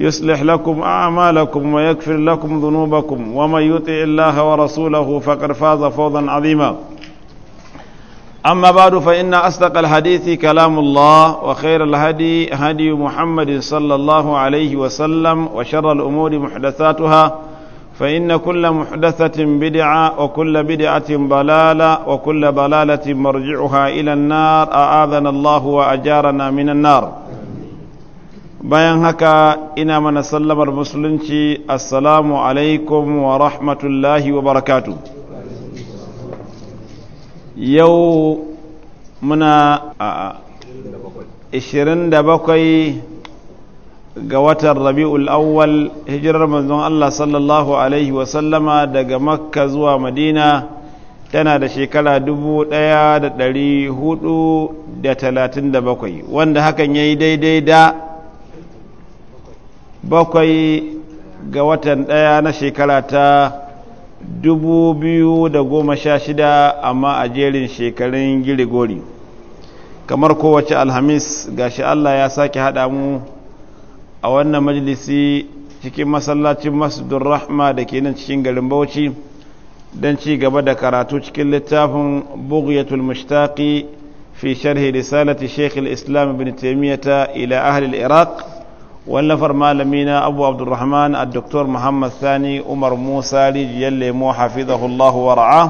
يصلح لكم أعمالكم ويغفر لكم ذنوبكم ومن يطع الله ورسوله فقد فاز فوزا عظيما أما بعد فإن أصدق الحديث كلام الله وخير الهدي هدي محمد صلى الله عليه وسلم وشر الأمور محدثاتها فإن كل محدثة بدعة وكل بدعة ضلالة وكل ضلالة مرجعها إلى النار أعاذنا الله وأجارنا من النار bayan haka ina mana sallamar musulunci assalamu alaikum wa rahmatullahi wa barakatu yau muna a 27 ga watan rabi'ul awwal hijirar manzon Allah sallallahu alaihi wa sallama daga makka zuwa madina tana da shekara 1437 wanda hakan ya yi daidai da bakwai ga watan ɗaya na shekara ta dubu biyu da goma sha shida amma a jerin shekarun girigori kamar kowace alhamis gashi allah ya sake haɗa mu a wannan majalisi cikin masallacin masjidun rahma da ke nan cikin garin bauchi don ci gaba da karatu cikin littafin bugiyatul mushtaqi fi sharhi risalati sheikh islam ibn taimiyata ila ahli iraq wallafar malami na abu abdurrahman a doktor muhammad sani umar musa rijiyar lemo hafizahullahu wa ra'a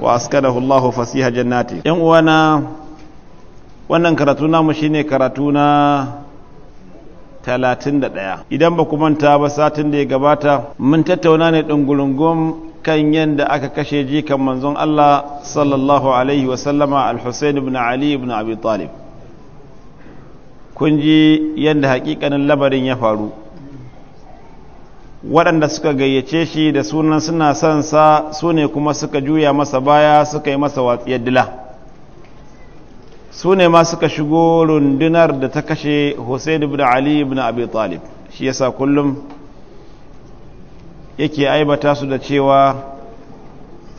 wa askadahullahu fasiha jannati yan uwana wannan karatuna mu shine karatuna talatin da ɗaya. idan ba ku manta ba satin da ya gabata mun tattauna ne ɗungulungun kan yadda aka kashe jikan manzon Allah sallallahu alaihi wasallama al-Husain ibn Ali ibn Abi Talib kun ji yadda hakikanin labarin ya faru waɗanda suka gayyace shi da sunan suna son sa su ne kuma suka juya masa baya suka yi masa watsiyar dila su ne ma suka shigo rundunar da ta kashe hussein ibn ali ibn abi talib shi yasa kullum yake aibata su da cewa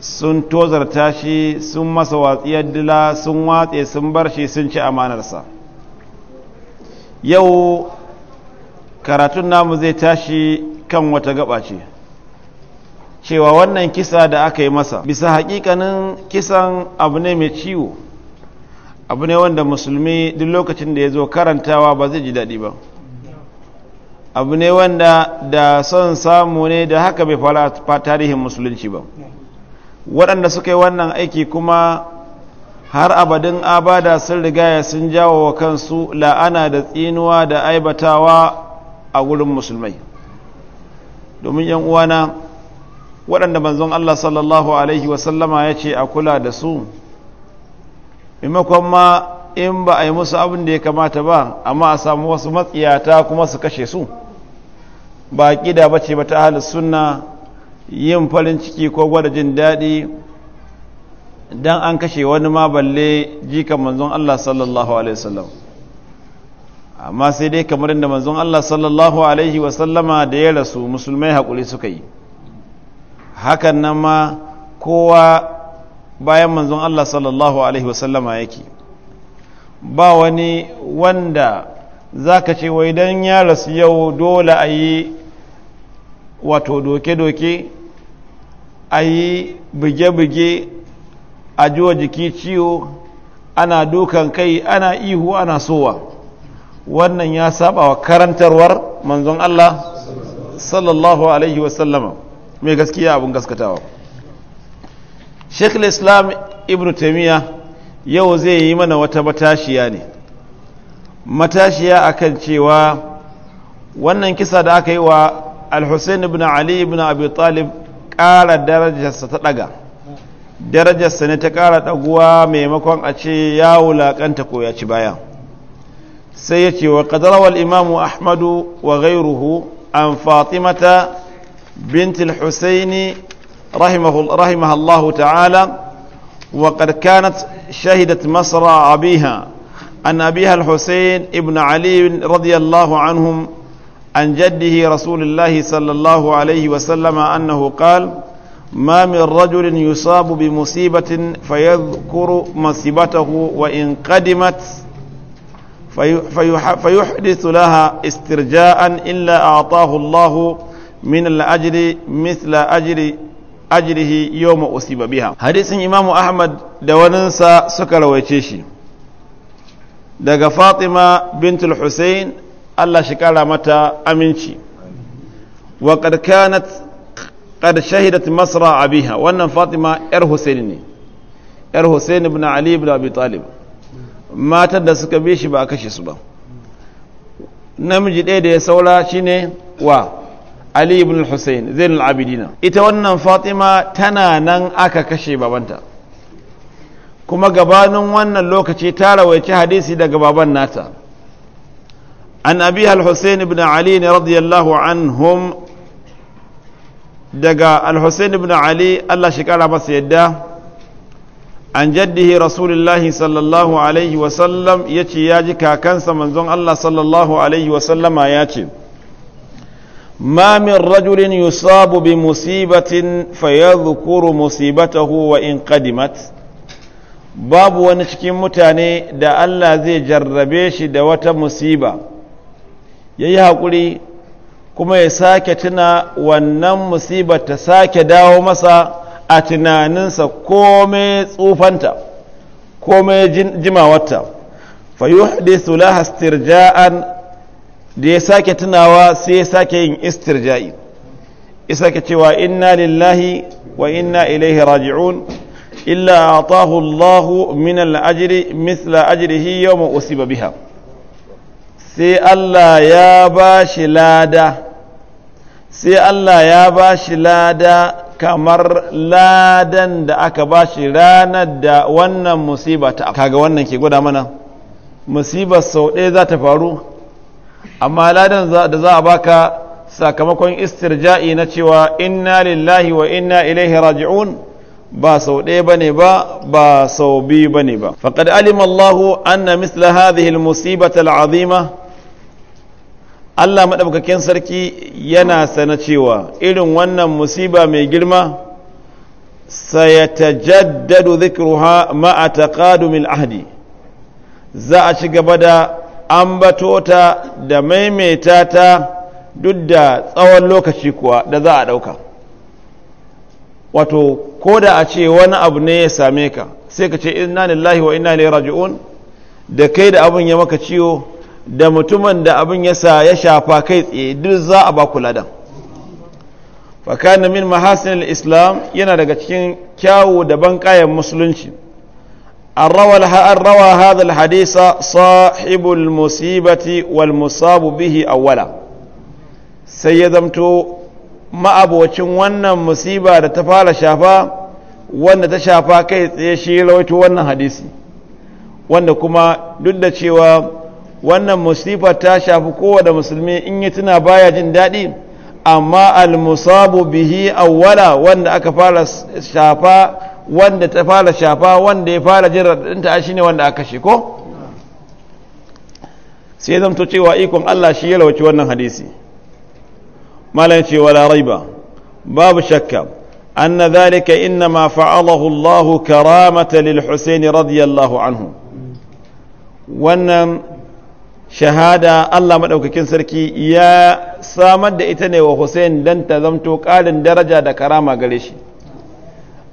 sun tozarta shi sun masa watsiyar dila sun watse sun bar shi sun ci amanarsa yau karatun namu zai tashi kan wata gaba ce cewa wannan kisa da aka yi masa bisa hakikanin kisan abu ne mai ciwo abu ne wanda musulmi duk lokacin da ya zo karantawa ba zai ji daɗi ba abu ne wanda da son samu ne da haka bai fara tarihin musulunci ba waɗanda suka yi wannan aiki kuma har abadin abada sun rigaya sun jawo wa kansu la'ana da tsinuwa da aibatawa a wurin musulmai domin yan uwana waɗanda manzon Allah sallallahu alaihi wasallama ya ce a kula da su maimakon ma in ba a yi musu abin da ya kamata ba amma a samu wasu matsiyata kuma su kashe su ba ƙida ba ce ba ta ahalus suna yin farin ciki ko gwada jin daɗi dan an kashe wani ma balle jika manzon Allah sallallahu alaihi wasallam amma sai dai kamar inda manzon Allah sallallahu alaihi wasallama da ya rasu musulmai hakuri suka yi hakan nan ma kowa bayan manzon Allah sallallahu alaihi wasallama yake ba wani wanda zaka ce wai dan ya rasu yau dole a yi wato doke-doke a yi buge-buge a jiwa jiki ciwo ana dukan kai ana ihu ana sowa wannan ya saba wa karantarwar manzon Allah sallallahu alaihi wasallama mai gaskiya abin gaskatawa sheikh islam ibn taimiyya yau zai yi mana wata matashiya ne matashiya akan cewa wannan kisa da aka yi wa al-hussein ibn ali ibn abi talib ƙara darajarsa ta ɗaga darajarsa ne ta ƙara ɗaguwa maimakon a ce ya wulaƙanta ko ya ci baya sai ya ce wa ƙadarawar imamu ahmadu wa gairuhu an fatimata bintil husaini rahimahallahu ta'ala wa ƙarƙanat shahidat masara abiha an abiha al-husain ibn ali radiyallahu anhum an jaddihi rasulullahi sallallahu alaihi wasallama annahu qala ما من رجل يصاب بمصيبة فيذكر مصيبته وإن قدمت فيحدث لها استرجاء إلا أعطاه الله من الأجر مثل أجر أجره يوم أصيب بها حديث إمام أحمد دوننسا سكر ويتشي دقى فاطمة بنت الحسين الله شكرا متى أمنشي وقد كانت qad shahidat masra abiha wannan fatima yar husaini ne yar husaini ibn ali ibn abi matan da suka bishi ba a kashe su ba namiji ɗaya da ya saura shine wa ali ibn husain zainul abidina ita wannan fatima tana nan aka kashe babanta kuma gabanin wannan lokaci ta rawaici hadisi daga baban nata an abi al-husain radiyallahu anhum daga al-hussein ali allah shi kara masa yadda an jaddihi rasulullahi sallallahu alaihi wasallam ya ce ya ji kakansa manzon allah sallallahu alaihi wasallama ya ce ma rajulin yusabu bi musibatin fa yadhkuru musibatahu wa in qadimat babu wani cikin mutane da allah zai jarrabe shi da wata musiba ya yi haƙuri. kuma ya sake tuna wannan musibar ta sake dawo masa a tunaninsa komai tsufanta komai jimawarta fayuhdisu laha istirja'an da ya sake tunawa sai ya sake yin istirja'i isa sake cewa inna lillahi wa inna ilaihi raji'un illa atahu Allahu min al-ajri mithla ajrihi yawma usiba biha sai Allah ya ba shi lada sai Allah ya ba shi lada kamar ladan da aka ba shi ranar da wannan musiba ta kaga wannan ke gwada mana musibar sau ɗaya za ta faru amma ladan da za a baka sakamakon istirja'i na cewa inna lillahi wa inna ilaihi raji'un ba sau ɗaya bane ba ba sau biyu bane ba faqad al'imallahu an anna misla hadhihi musibatal azima Allah maɗaukakin sarki yana sana cewa irin wannan musiba mai girma sayatajaddadu dhikruha ma'a taqadumil ahdi za a ci gaba da ambato ta da maimaita ta duk da tsawon lokaci kuwa da za a ɗauka wato ko da a ce wani abu ne ya same ka sai ka ce inna lillahi wa inna ilaihi raji'un da kai da abun ya maka ciwo da mutumin da abin yasa ya shafa kai tsaye duk za a ba kula da fakana min mahasin islam yana daga cikin kyawu da kayan musulunci an rawa hadal hadisa sahibul musibati wal musabu bihi awwala sai ya zamto ma'abocin wannan musiba da ta fara shafa wanda ta shafa kai tsaye shi rawaito wannan hadisi wanda kuma duk da cewa wannan musifa ta shafi kowane musulmi in ya tuna baya jin daɗi amma almusabu bihi awwala wanda aka fara shafa wanda ta fara shafa wanda ya fara jin raɗinta shi ne wanda aka shi ko sai zamto cewa ikon Allah shi ya lauci wannan hadisi malam ce wala raiba babu shakka anna dhalika innama fa'alahu Allah karamata lil Husaini radiyallahu anhu wannan shahada Allah maɗaukakin sarki ya samar da ita ne wa Hussein don ta zamto ƙarin daraja da karama gare shi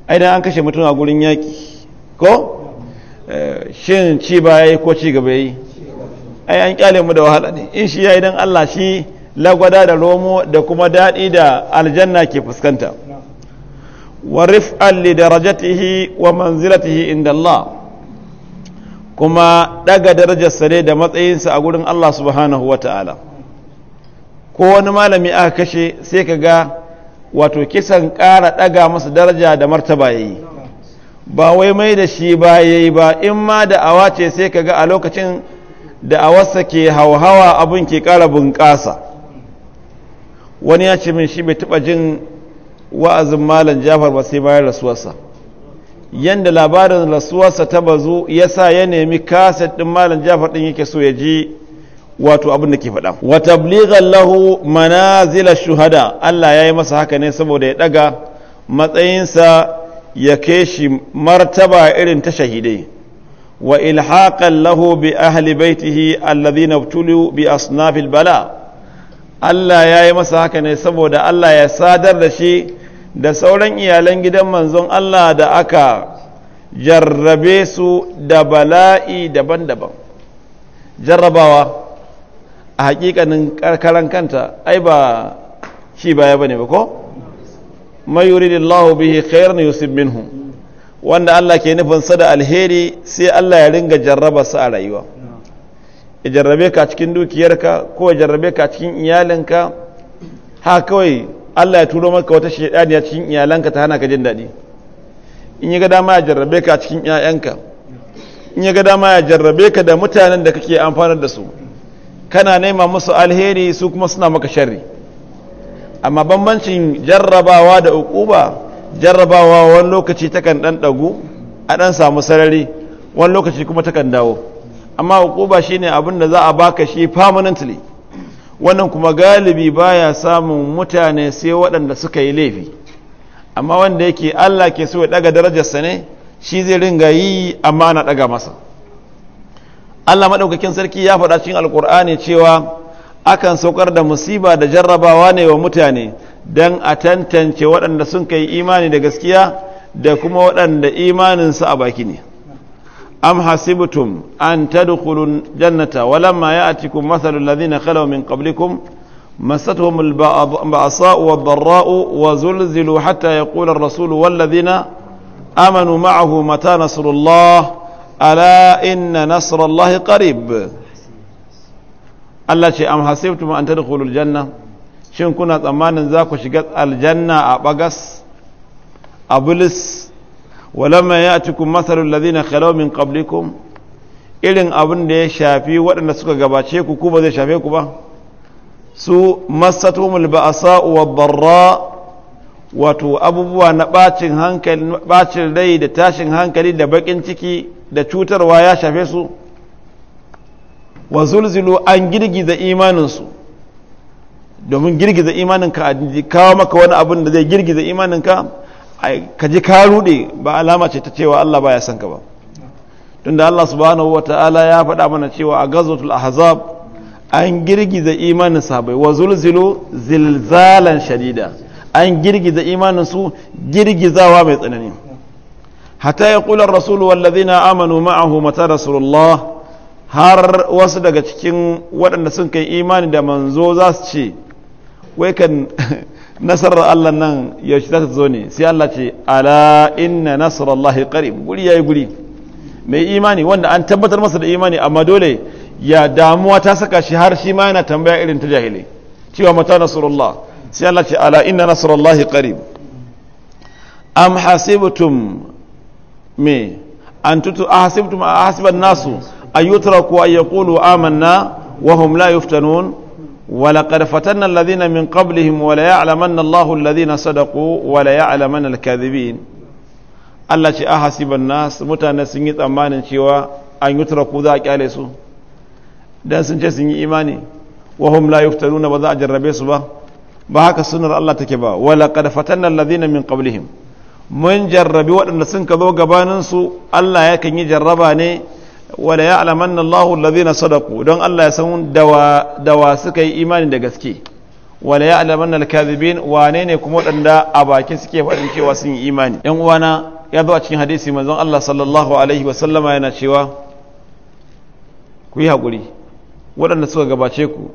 idan an kashe mutum a gurin yaƙi ko eh, shin ci ba ko ci gaba yi ai an kyale mu da wahala ne in shi ya yi Allah shi lagwada da romo da kuma daɗi da aljanna ke fuskanta wa rif'an li darajatihi wa manzilatihi inda Allah kuma daga darajarsa ne da matsayinsa a gurin Allah subhanahu wa ta'ala ko wani malami aka kashe sai ka ga wato kisan ƙara daga masa daraja da martaba yayi ba wai mai da shi ba yayi ba in ma da awa ce sai ka ga a lokacin da awarsa ke hauhawa abun ke ƙara bunƙasa wani ya ce min shi bai taɓa jin wa'azin malam jafar ba sai bayan rasuwarsa yanda labarin rasuwarsa ta bazu ya sa ya nemi kaset ɗin malam jafar ɗin yake so ya ji wato abin da ke faɗa wa tablighan lahu manazila shuhada Allah ya yi masa haka ne saboda ya ɗaga matsayinsa ya kai shi martaba irin ta shahidai wa ilhaqan lahu bi ahli baitihi alladhina ibtulu bi asnafil bala Allah ya yi masa haka ne saboda Allah ya sadar da shi da sauran iyalan gidan manzon Allah da aka jarrabe su da bala'i daban-daban jarrabawa a hakikanin karkaran kanta ai ba shi baya bane ba ko mai yuridillahu bihi khairan yusib minhu wanda Allah ke nufin sa da alheri sai Allah ya ringa jarraba su a rayuwa ya jarrabe ka cikin dukiyarka ko ya jarrabe ka cikin iyalinka ha kawai Allah ya turo maka wata a cikin iyalanka ta hana ka jin daɗi in ya ga dama ya jarrabe ka a cikin iyayenka in ya ga dama ya jarrabe ka da mutanen da kake amfanar da su kana nema musu alheri su kuma suna maka sharri amma bambancin jarrabawa da ukuba jarrabawa wani lokaci takan dan dagu a dan samu sarari wani lokaci kuma takan dawo amma ukuba shine abin da za a baka shi permanently wannan kuma galibi baya samun mutane sai waɗanda suka yi laifi amma wanda yake Allah ke so ya daga darajarsa ne shi zai ringa yi amma na daga masa Allah Madaukakin sarki ya faɗa cikin alkur'ani cewa akan saukar da musiba da jarrabawa ne wa mutane dan a tantance waɗanda sun kai imani da gaskiya da kuma waɗanda imaninsu a baki ne أم حسبتم أن تدخلوا الجنة ولما يأتكم مثل الذين خلوا من قبلكم مستهم البأساء والضراء وزلزلوا حتى يقول الرسول والذين آمنوا معه متى نصر الله ألا إن نصر الله قريب التي أم حسبتم أن تدخلوا الجنة شن كنا تمانا ذاك الجنة أبقس أبلس walamma ya'tikum mathalul lazina khalaw min qablikum irin abin da ya shafi waɗanda suka gabace ku ku ba zai shafe ku ba su masatumul ba'sa wa barra wato abubuwa na bacin hankali bacin rai da tashin hankali da bakin ciki da cutarwa ya shafe su wa zulzulu an girgiza imaninsu domin girgiza imaninka a kawo maka wani abin da zai girgiza imaninka kaji ji ka rude ba alama ce ta cewa Allah ba ya san ka ba tunda Allah subhanahu wata'ala ya faɗa mana cewa a gazotul ahzab an girgiza imanin sahabbai wa zulzilu zilzalan shadida an girgiza imanin su girgizawa mai tsanani hatta ya kula rasulu wallazina amanu ma'ahu mata rasulullah har wasu daga cikin waɗanda sun kai imani da manzo za su ce wai kan nasarar Allah nan yaushe za ta zo ne sai Allah ce ala inna nasarallahi qarib guri yayi guri mai imani wanda an tabbatar masa da imani amma dole ya damuwa ta saka shi har shi ma yana tambaya irin ta jahili cewa mata nasarullah sai Allah ce ala inna nasarallahi qarib am hasibtum me an tutu ahasibtum ah ahasiban nasu ayyutraku an yaqulu amanna wa hum la yuftanun ولقد فتنا الذين من قبلهم وليعلمن الله الذين صدقوا وليعلمن الكاذبين Allah ce a hasiban nas mutane sun yi tsammanin cewa an yi turaku za a kyale su dan sun ce sun yi imani wa hum la yuftaruna ba za a jarrabe su ba ba haka sunar Allah take ba wa fatan fatanna alladhina min qablihim mun jarrabi waɗanda sun ka zo gabanin su Allah yakan yi jarraba ne wala ya alamanna Allahu allazina sadaku don Allah ya san dawa dawa suka yi imani da gaske wala ya alamanna alkazibin wane ne kuma waɗanda a baki suke faɗin cewa sun yi imani ɗan uwana ya zo a cikin hadisi manzon Allah sallallahu alaihi wa yana cewa ku yi haƙuri waɗanda suka gabace ku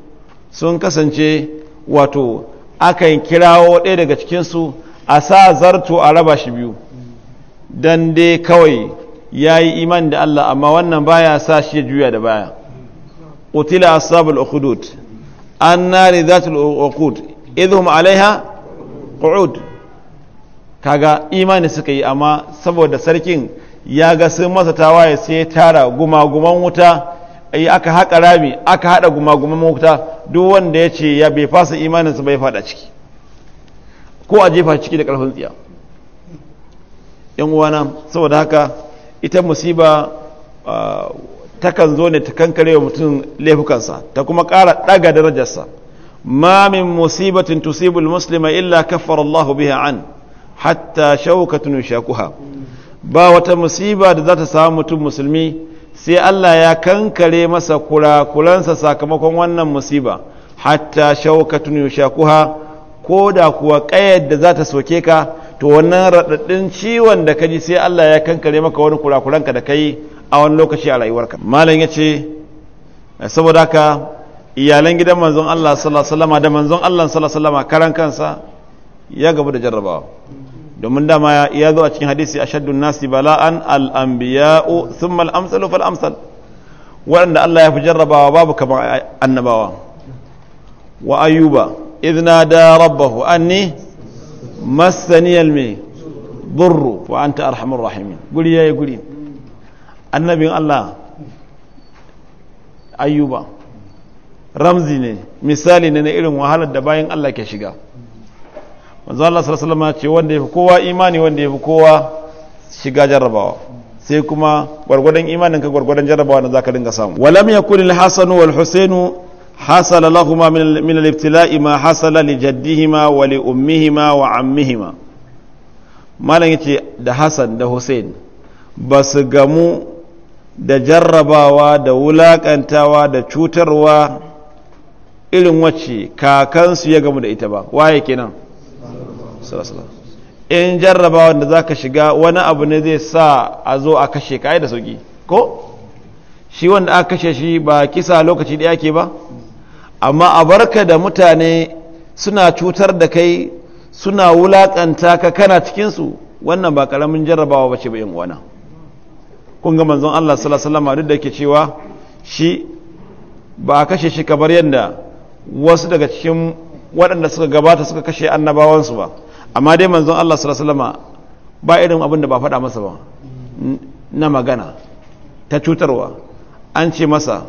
sun kasance wato akan kirawo ɗaya daga cikinsu a sa zarto a raba shi biyu dan dai kawai ya yi iman da Allah amma wannan baya sa shi ya juya da baya qutila ashabul an annari zatul uqud idhum alaiha qu'ud kaga imani suka yi amma saboda sarkin ya ga sun masa tawaye sai ya tara gumaguman wuta ai aka haƙa rami aka haɗa gumaguman wuta duk wanda ya ce ya bai fasa imaninsa bai fada ciki ko a jefa ciki da ƙarfin tsiya yan uwana saboda haka ita musiba ah, takan zo ne ta kankare wa mutum laifukansa ta kuma ƙara ɗaga darajarsa ma min musibatin tusibul muslima illa kafar Allah biha an hatta shaukatun shakuha ba wata musiba da za ta samu mutum musulmi sai Allah ya kankare masa kurakuransa sakamakon wannan musiba hatta shaukatun shakuha ko da kuwa ƙayar da za ta soke ka to wannan raɗaɗɗin ciwon da ka ji sai Allah ya kankare maka wani kurakuranka da ka yi a wani lokaci a rayuwarka malam ya ce saboda haka iyalan gidan manzon Allah sallallahu da manzon Allah sallallahu karan kansa ya gabu da jarrabawa domin dama ya zo a cikin hadisi ashaddun nasi bala'an al-anbiya'u thumma al-amsalu fal amsal waɗanda Allah ya fi jarrabawa babu kamar annabawa wa ayyuba إذ نادى ربه أني مسني المي ضر وأنت أرحم الراحمين قل يا يقولي النبي الله أيوبا ramzi ne misali ne na irin wahalar da bayan Allah ke shiga manzo Allah sallallahu alaihi ce wanda yafi kowa imani wanda yafi kowa shiga jarrabawa sai kuma gwargwadon imanin ka gwargwadon jarrabawa na zaka dinga samu walam yakun al-hasan wal حصل لهما من الابتلاء ما حصل لجدهما ولأمهما وعمهما malam yace da Hassan da Hussein ba su gamu da jarrabawa da wulakantawa da cutarwa ilin wacce kakansu ya gamu da ita ba waye kenan in wanda da ka shiga wani abu ne zai sa a zo a kashe ka da sauki ko shi wanda aka kashe shi ba kisa lokaci da yake ba amma a barka da mutane suna cutar da kai suna wulakanta ka kana cikinsu wannan ba karamin jarrabawa ba ce ba wana kun ga manzon Allah sallallahu duk da ke cewa shi ba a kashe shi kamar yadda wasu daga cikin waɗanda suka gabata suka kashe annabawansu ba amma dai manzon Allah sallallahu ba irin abin da ba faɗa masa ba na magana ta cutarwa an ce masa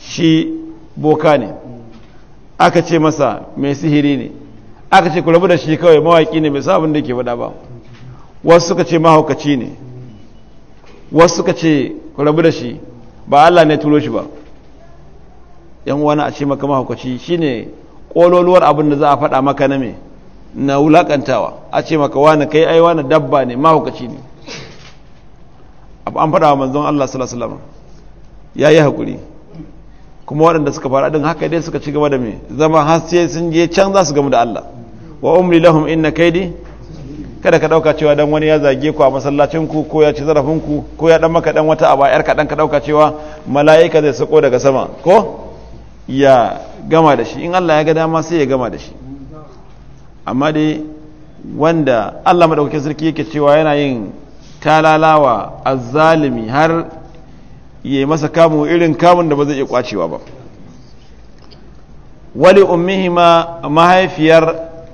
shi boka ne aka ce masa mai sihiri ne aka ce ku rabu da shi kawai mawaƙi ne bai sabon da ke faɗa ba wasu suka ce mahaukaci ne wasu suka ce ku rabu da shi ba Allah ne turo shi ba yan wani a ce maka mahaukaci shi ne kololuwar abin da za a fada maka na me na wulakantawa a ce maka wani kai ai wani dabba ne mahaukaci ne an fada wa manzon Allah sallallahu alaihi wasallam yayi hakuri kuma waɗanda suka fara ɗin haka dai suka ci gaba da mai zama har sun je can za su gamu da Allah wa umri lahum inna kaidi kada ka ɗauka cewa dan wani ya zage ku a masallacin ku ko ya ci zarafin ku ko ya dan maka dan wata aba yar ka dan ka dauka cewa malaika zai sako daga sama ko ya gama da shi in Allah ya ga dama sai ya gama da shi amma dai wanda Allah madaukakin sarki yake cewa yana yin talalawa azzalimi har yi masa kamu irin kamun da ba zai iya kwacewa ba wali ma mahaifiyar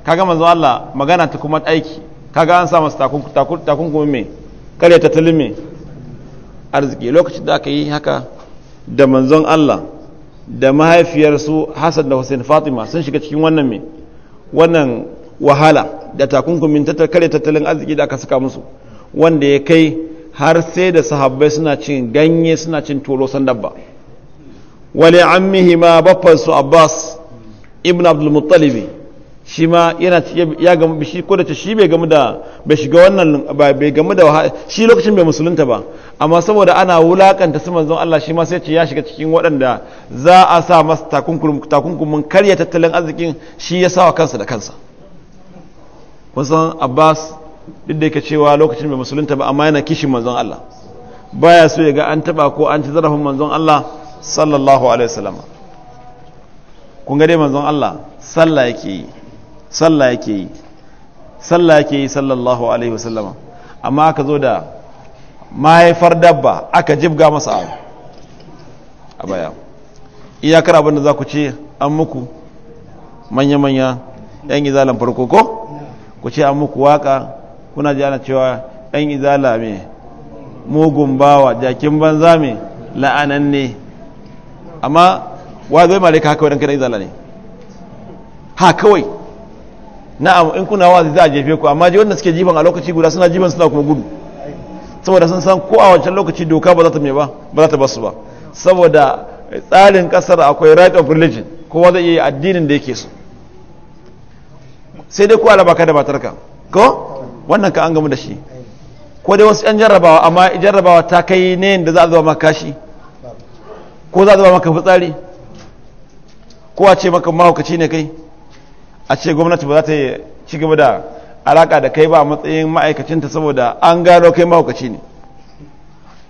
kaga manzo Allah magana ta kuma aiki kaga an sa masa takunkumi mai karya tattalin mai arziki lokacin da aka yi haka da manzon Allah da mahaifiyar su Hassan da Hussein Fatima sun shiga cikin wannan mai wannan wahala da takunkumin karya tattalin arziki da aka saka musu wanda ya kai har sai da sahabbai suna cin ganye suna cin tolosan dabba wale ammihi ma bafansu abbas ibn abdulmuttalibi shi ma yana ya gamu shi ko da shi bai gamu da bai shiga wannan bai gamu da shi lokacin bai musulunta ba amma saboda ana wulakanta su manzon Allah shi ma sai ce ya shiga cikin waɗanda za a sa masa takunkumin karya tattalin arzikin shi ya sawa kansa da kansa kun san Abbas duk da yake cewa lokacin mai musulunta ba amma yana kishin manzon Allah baya so ya ga an taba ko an ci zarafin manzon Allah sallallahu alaihi wasallam kun ga dai manzon Allah sallah yake yi sallah yake yi sallah yake yi sallallahu alaihi wasallam amma aka zo da mahaifar dabba aka jibga masa abu a baya iyakar abin da za ku ce an muku manya-manya yan izalan farko ko ku ce an muku waka kuna ji ana cewa ɗan izala me mugun bawa jakin banza me la'ananne amma wa zai mare ka haka wadanka ɗan izala ne ha kawai na'am in kuna wazi za a jefe ku amma ji wanda suke jiban a lokaci guda suna jiban suna kuma gudu saboda sun san ko a wancan lokaci doka ba za ta me ba ba za ta basu ba saboda tsarin kasar akwai right of religion kowa zai yi addinin da yake so sai dai ko alabaka da matarka ko wannan ka an gamu da shi ko dai wasu yan jarrabawa amma jarrabawa ta kai ne da za a zuba maka kashi ko za a zuba maka fitsari ko a ce maka mahaukaci ne kai a ce gwamnati ba za ta yi ci gaba da alaka da kai ba a matsayin ma'aikacinta saboda an gano kai mahaukaci ne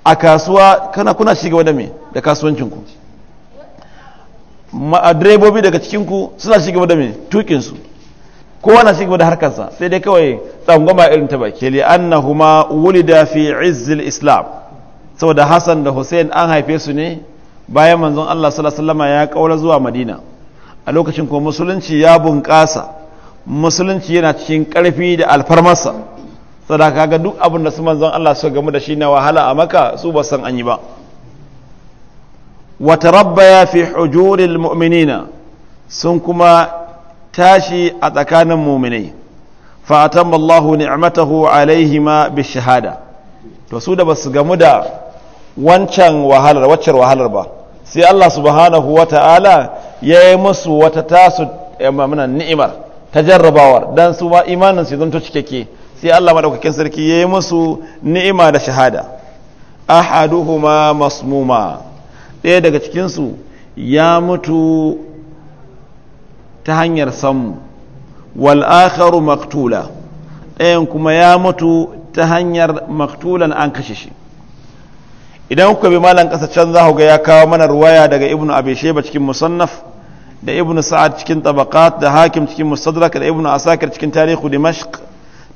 a kasuwa kana kuna ci gaba da me da kasuwancinku direbobi daga cikinku suna ci gaba da me tukinsu kowane na gaba da harkarsa sai dai kawai tsangwama irin ta baki li annahuma wulida fi izzil islam saboda hasan da Hussein an haife su ne bayan manzon Allah sallallahu alaihi ya kaura zuwa Madina a lokacin ko musulunci ya bunƙasa musulunci yana cikin ƙarfi da alfarmarsa sadaka kaga duk abin da su manzon Allah suka gamu da shi na wahala a maka su ba san an yi ba wa tarabbaya fi hujuril mu'minina sun kuma tashi a tsakanin muminai fatan Allahu ni'matahu alaihima bi shahada to su da basu gamu da wancan wahalar waccar wahalar ba sai Allah subhanahu wa ta'ala ya yi musu wata tasu eh, ni'imar ta jarrabawar dan su ba imanin su zanto cikakke sai Allah madaukakin sarki ya yi musu ni'ima da shahada ahaduhuma masmuma ɗaya daga cikinsu ya mutu ta hanyar sanmu wal akharu maktula ɗayan kuma ya mutu ta hanyar maktulan an kashe shi idan kuka bi malan ƙasa can za ku ga ya kawo mana ruwaya daga ibnu abisheba cikin musannaf da ibnu sa'ad cikin tabaqat da hakim cikin mustadrak da ibnu asakir cikin tarihu dimashq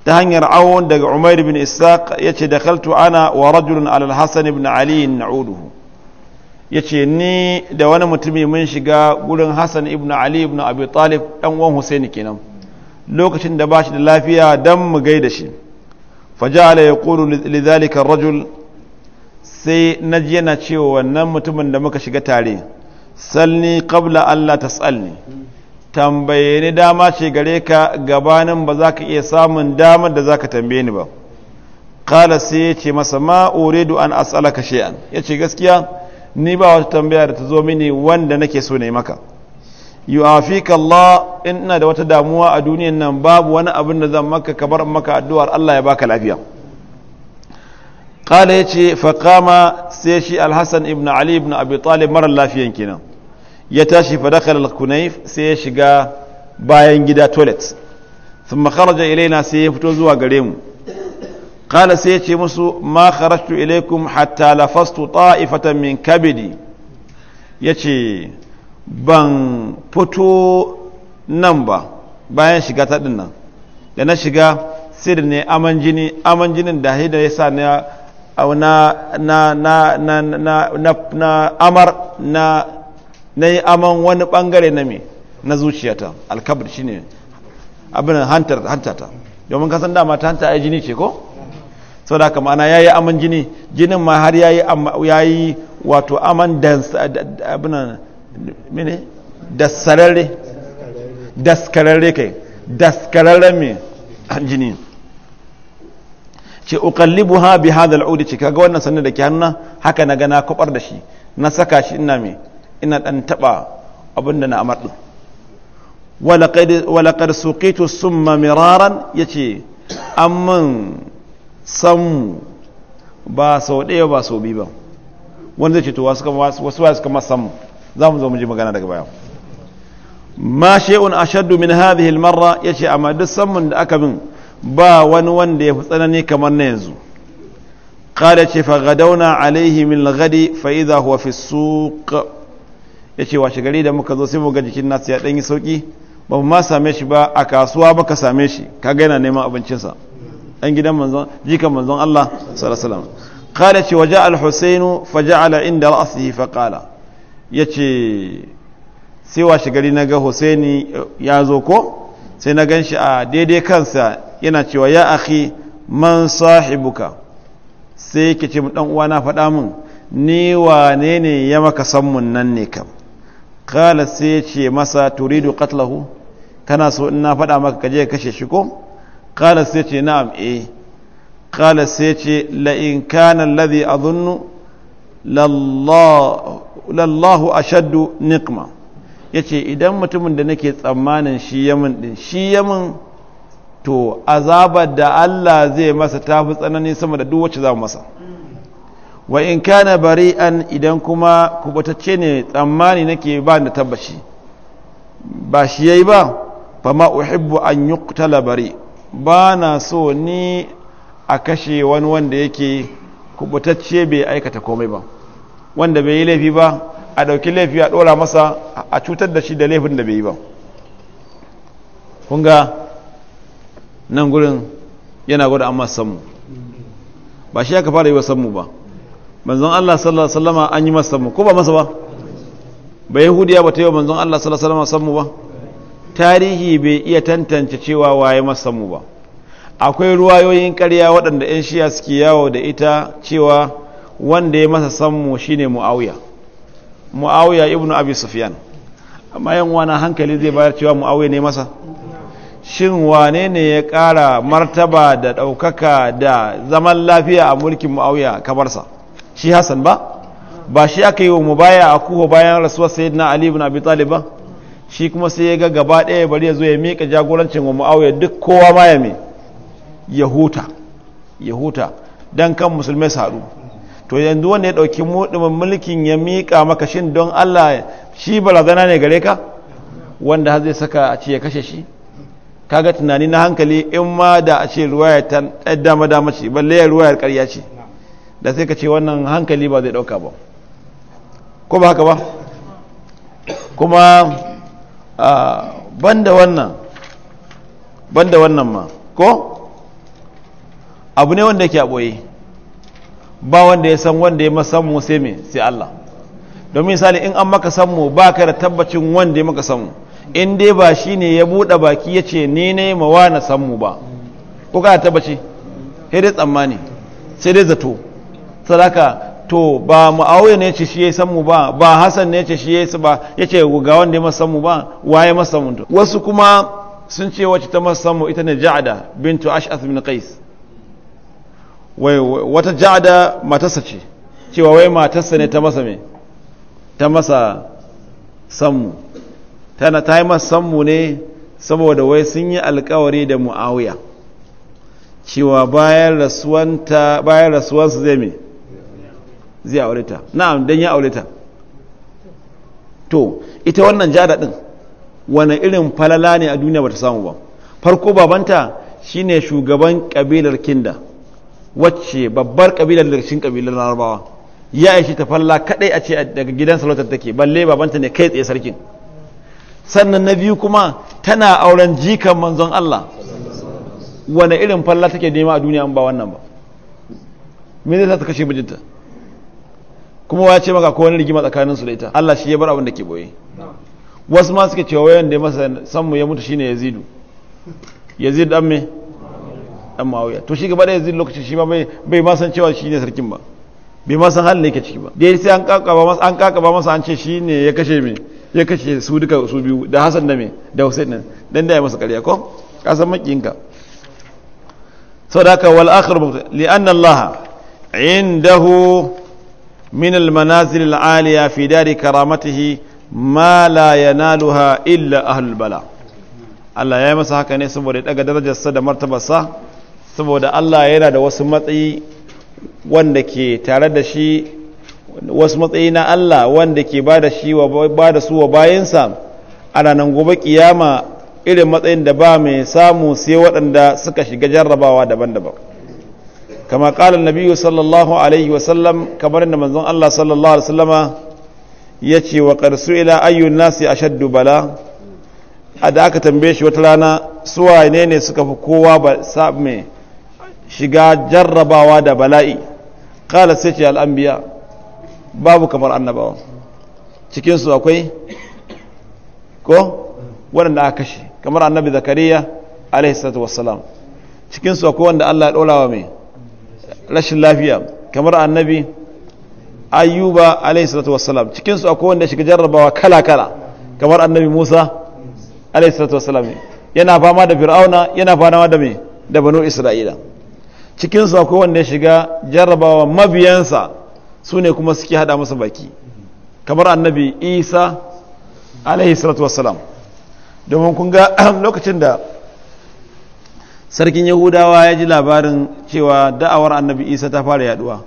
ta hanyar awon daga umair bin ishaq yace dakhaltu ana wa rajulun ala al-hasan ibn ali na'uduhu ya ce ni da wani mutumi mun shiga gurin hassan ibn ali ibn abi talib dan uwan husaini kenan lokacin da ba shi da lafiya dan mu gaida shi faja'ala ya kulu lizalikan rajul sai na ji yana cewa wannan mutumin da muka shiga tare salni qabla allah tasalni tambaye ni dama ce gare ka gabanin ba za ka iya samun damar da za ka tambaye ni ba kala sai ya ce masa ma uridu an as'alaka shay'an ya ce gaskiya ni ba wata tambaya da ta zo mini wanda nake so ne maka yu'afika Allah in ina da wata damuwa a duniyan nan babu wani abin da zan maka ka bar maka addu'ar Allah ya baka lafiya qala yace fa qama sai shi al ibn Ali ibn Abi Talib mara lafiyan kenan ya tashi fa dakhala sai ya shiga bayan gida toilet thumma kharaja ilaina sai ya fito zuwa gare mu qala sai ya ce musu ma kharajtu ilaikum hatta lafastu ta'ifatan min kabidi yace ban fito nan ba bayan shiga ta nan da na shiga sirri ne aman jini aman jinin da haida ya sa na na na na na amar na na yi aman wani bangare na me na zuciyata alkabir shine abin hantar hantata domin kasan dama ta hanta ai jini ce ko saboda haka ma'ana yi aman jini jinin ma har ya yi wato aman da abin mene daskararre daskararre kai daskararren me jini ce ha bi hadha al'ud ce kaga wannan sanin da ke hannu haka na gana kwabar da shi na saka shi ina mai ina dan taba abin da na amar din walakar suƙitu sun mamiraran ya ce an man sanmu ba sau ɗaya ba sau biyu ba wanda zai ce to wasu wasu kama sanmu za mu zo mu ji magana daga baya ma she'un ashaddu min hadhihi al-marra yace amma duk sammun da aka bin ba wani wanda ya fi tsanani kamar na yanzu qala ce fa gadawna alaihi min al-ghadi fa idha huwa fi as-suq yace washe gari da muka zo sai mu ga jikin nasu ya dan yi sauki ba mu ma same shi ba a kasuwa ba ka same shi kaga yana neman abincinsa dan gidan manzon jikan manzon Allah sallallahu alaihi wasallam qala ce waja al-husainu faja'ala inda ra'sihi fa qala yace sai washe gari naga husaini ya zo ko sai na ganshi a daidai kansa yana cewa ya akhi man sahibuka sai yake ce dan uwa na faɗa min ni wane ne ya maka mun nan ne kam qala sai ce masa turidu qatlahu kana so in na faɗa maka kaje ka kashe shi ko kala sai ce na'am eh kala sai ce la'in kana ladhi zunnu lallahu ashaddu niqma yace idan mutumin da nake tsammanin shi yamin din shi yamin to azabar da Allah zai masa ta tsanani sama da duk wacce za masa wa in kana bari'an idan kuma kubatacce ne tsammani nake ba da tabbashi ba shi yayi ba fa ma uhibbu an yuqtala bari' ba na so ni a kashe wani wanda yake kubutacce bai aikata komai ba wanda bai yi laifi ba a dauki laifi a ɗora masa a cutar da shi da laifin da bai yi ba kunga nan gurin yana gwada amma sammu ba shi aka fara yi wa sammu ba manzon Allah sallallahu alaihi wasallama an yi masa sammu ko ba masa ba ba yahudiya ba ta yi wa manzon Allah sallallahu alaihi wasallama sammu ba tarihi bai iya tantance cewa waye mu ba akwai ruwayoyin karya waɗanda 'yan shiya suke yawo da ita cewa wanda ya masa sammu shine mu'awiya mu'awiya ibnu abi sufyan amma yan wani hankali zai bayar cewa mu'awiya ne masa shin wane ne ya ƙara martaba da ɗaukaka da zaman lafiya a mulkin mu'awiya kamarsa shi hassan ba ba shi aka yi wa baya a kuhu bayan rasuwar sayyidina ali ibn abi talib ba shi kuma sai ya ga gaba ɗaya bari ya zo ya mika jagorancin wa mu'awiya duk kowa ma ya mai ya huta ya huta dan kan musulmai su to yanzu wanda ya ɗauki muɗumin mulkin ya miƙa maka shin don Allah shi barazana ne gare ka wanda zai saka a ce ya kashe shi kaga tunani na hankali in ma da a ce ruwayar ta dama dama ce balle ya ruwayar ƙarya ce da sai ka ce wannan hankali ba zai ɗauka ba ko ba haka ba kuma Ah, banda wannan banda wannan ma ko abu ne wanda yake a ɓoye ba wanda ya san wanda ya masammu sai me sai Allah domin misali in an maka sammu ba ka da tabbacin wanda ya maka sammu in dai ba shi ne ya buɗe baki ya ce ni ne ma wa na sammu ba ko ka tabbaci sai dai tsammani sai dai zato sadaka to ba mu'awiya ne ce shi ya san mu ba ba hasan ne ce shi ya ba ya ce ga wanda ya masa mu ba waye masa mu wasu kuma sun ce wacce ta masa mu ita ne ja'ada bintu ash'ath bin qais wai wata ja'ada matarsa ce cewa wai matarsa ne ta masa me ta masa sammu tana ta yi masa sammu ne saboda wai sun yi alkawari da mu'awiya cewa bayan rasuwanta bayan rasuwansu zai me zai aure ta na'am dan ya aure ta to ita wannan jada din wani irin falala ne a duniya bata samu ba farko babanta shine shugaban kabilar kinda wacce babbar kabilar daga cikin kabilar larabawa ya aishi ta falla kadai a ce daga gidan salautar take balle babanta ne kai tsaye sarkin sannan na biyu kuma tana auren jikan manzon Allah wani irin falla take nema a duniya ba wannan ba me zai ta kashe mijinta kuma wa ya ce maka ko wani rigima tsakanin su da ita Allah shi ya bar abin da ke boye wasu ma suke cewa wayan da ya masa mu ya mutu shine yazidu yazid dan me dan muawiya to shi gaba da yazid lokacin shi ma bai bai ma san cewa shine sarkin ba bai ma san halin da yake ciki ba dai sai an kakaba masa an kakaba masa an ce shine ya kashe me ya kashe su duka su biyu da Hassan da me da Hussein din dan da ya masa ƙarya ko ka san makiyinka saboda haka wal akhir li anna Allah indahu من المنازل العالية في دار كرامته ما لا ينالها إلا أهل البلاء الله يا مسا haka ne saboda ya daga darajarsa da martabarsa saboda Allah yana da wasu matsayi wanda ke tare da shi wasu matsayi na Allah wanda ke ba da shi ba da su wa bayansa a ranar gobe ƙiyama irin matsayin da ba mai samu sai waɗanda suka shiga jarrabawa daban-daban kama qala an-nabi sallallahu alaihi wasallam kamar da manzon Allah sallallahu alaihi wasallama ce wa qarsu ila ayyun nasi ashaddu bala a da aka tambaye shi wata rana su wa ne ne suka fi kowa ba sa me shiga jarrabawa da bala'i qala sai ce al babu kamar annabawa cikinsu akwai ko waɗanda aka kashe kamar annabi zakariya alaihi salatu wassalam akwai wanda Allah ya dora wa mai rashin lafiya kamar annabi ayyuba alaihi salatu wassalam cikin su akwai wanda shiga jarrabawa kala kala kamar annabi musa alaihi yana fama da fir'auna yana fama da me da banu isra'ila cikin su akwai wanda shiga jarrabawa mabiyansa su ne kuma suke hada masa baki kamar annabi isa alaihi salatu domin kun ga lokacin da sarkin yahudawa ya ji labarin cewa da'awar annabi isa ta fara yaduwa